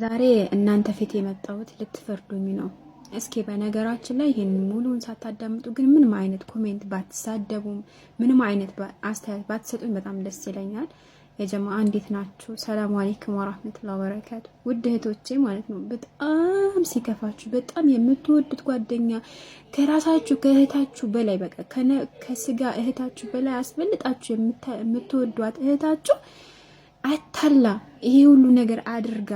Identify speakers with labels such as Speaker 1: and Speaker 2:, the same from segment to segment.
Speaker 1: ዛሬ እናንተ ፊት የመጣሁት ልትፈርዱኝ ነው። እስኪ በነገራችን ላይ ይህን ሙሉውን ሳታዳምጡ ግን ምንም አይነት ኮሜንት ባትሳደቡም ምንም አይነት አስተያየት ባትሰጡኝ በጣም ደስ ይለኛል። የጀማ እንዴት ናችሁ? ሰላም አለይኩም ወራህመቱላሂ ወበረካቱ። ውድ እህቶቼ ማለት ነው በጣም ሲከፋችሁ፣ በጣም የምትወዱት ጓደኛ ከራሳችሁ ከእህታችሁ በላይ በቃ ከስጋ እህታችሁ በላይ አስበልጣችሁ የምትወዷት እህታችሁ አታላ ይሄ ሁሉ ነገር አድርጋ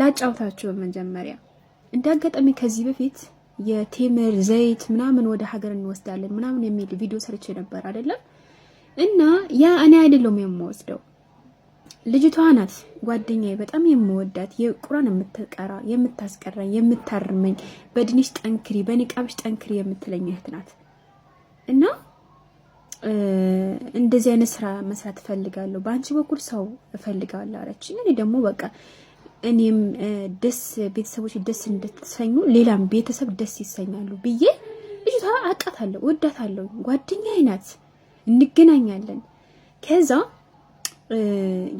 Speaker 1: ላጫውታቸው በመጀመሪያ እንደ ከዚህ በፊት የቴምር ዘይት ምናምን ወደ ሀገር እንወስዳለን ምናምን የሚል ቪዲዮ ሰርቼ ነበር አይደለም። እና ያ እኔ አይደለም የምወስደው ልጅቷ ናት ጓደኛዬ፣ በጣም የምወዳት የቁራን የምትቀራ የምታስቀራኝ፣ የምታርመኝ በድንሽ ጠንክሪ፣ በኒቃብሽ ጠንክሪ የምትለኝ እህት ናት። እና እንደዚህ አይነት ስራ መስራት እፈልጋለሁ፣ በአንቺ በኩል ሰው እፈልጋለሁ አለች። እኔ ደግሞ በቃ እኔም ደስ ቤተሰቦች ደስ እንደተሰኙ ሌላም ቤተሰብ ደስ ይሰኛሉ ብዬ ልጅቷ አውቃታለሁ፣ ወዳታለሁ፣ ጓደኛዬ ናት፣ እንገናኛለን። ከዛ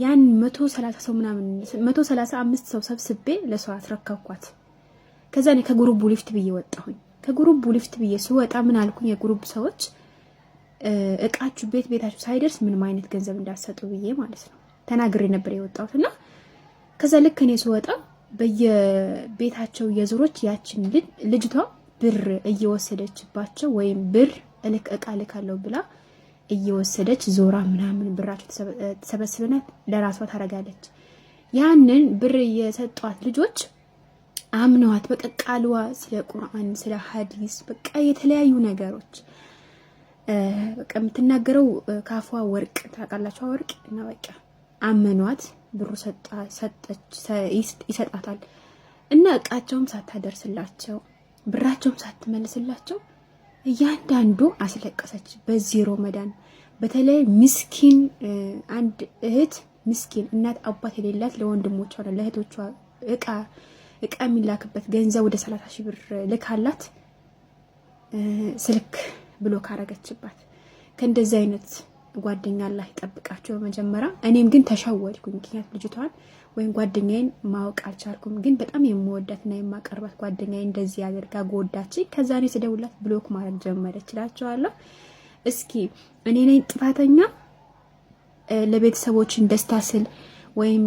Speaker 1: ያን መቶ ሰላሳ ሰው ምናምን መቶ ሰላሳ አምስት ሰው ሰብስቤ ለሷ አስረከብኳት። ከዛ እኔ ከጉሩቡ ሊፍት ብዬ ወጣሁኝ። ከጉሩቡ ሊፍት ብዬ ስወጣ ምን አልኩኝ? የጉሩብ ሰዎች እቃችሁ ቤት ቤታችሁ ሳይደርስ ምንም አይነት ገንዘብ እንዳትሰጡ ብዬ ማለት ነው ተናግሬ ነበር የወጣሁት እና ከዛ ልክ እኔ ስወጣ በየቤታቸው የዙሮች ያችን ልጅቷ ብር እየወሰደችባቸው ወይም ብር እልክ እቃ ልካለው ብላ እየወሰደች ዞራ ምናምን ብራቸው ተሰበስበና ለራሷ ታረጋለች። ያንን ብር የሰጧት ልጆች አምነዋት በቃ ቃልዋ ስለ ቁርአን ስለ ሀዲስ በቃ የተለያዩ ነገሮች በቃ የምትናገረው ካፏ ወርቅ ታውቃላችሁ፣ ወርቅ እና በቃ አመኗት። ብሩ ይሰጣታል እና እቃቸውም ሳታደርስላቸው ብራቸውም ሳትመልስላቸው እያንዳንዱ አስለቀሰች። በዚህ ሮመዳን በተለይ ምስኪን አንድ እህት ምስኪን እናት አባት የሌላት ለወንድሞቿ ለእህቶቿ እቃ እቃ የሚላክበት ገንዘብ ወደ ሰላሳ ሺህ ብር ልካላት ስልክ ብሎ ካረገችባት ከእንደዚህ አይነት ጓደኛ አላህ ይጠብቃቸው በመጀመሪያ። እኔም ግን ተሸወድኩኝ፣ ምክንያት ልጅቷን ወይም ጓደኛዬን ማወቅ አልቻልኩም። ግን በጣም የምወዳትና የማቀርባት ጓደኛዬ እንደዚህ አድርጋ ጎዳችኝ። ከዛ እኔ ስደውላት ብሎክ ማድረግ ጀመረች። እላቸዋለሁ እስኪ እኔ ነኝ ጥፋተኛ ለቤተሰቦችን ደስታ ስል ወይም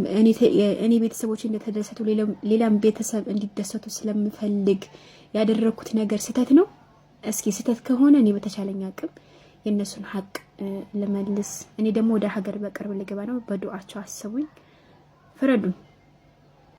Speaker 1: እኔ ቤተሰቦች እንደተደሰቱ ሌላም ቤተሰብ እንዲደሰቱ ስለምፈልግ ያደረግኩት ነገር ስህተት ነው። እስኪ ስህተት ከሆነ እኔ በተቻለኝ አቅም የእነሱን ሀቅ ልመልስ። እኔ ደግሞ ወደ ሀገር በቅርብ ልገባ ነው። በዱዓቸው አሰቡኝ፣ ፍረዱኝ።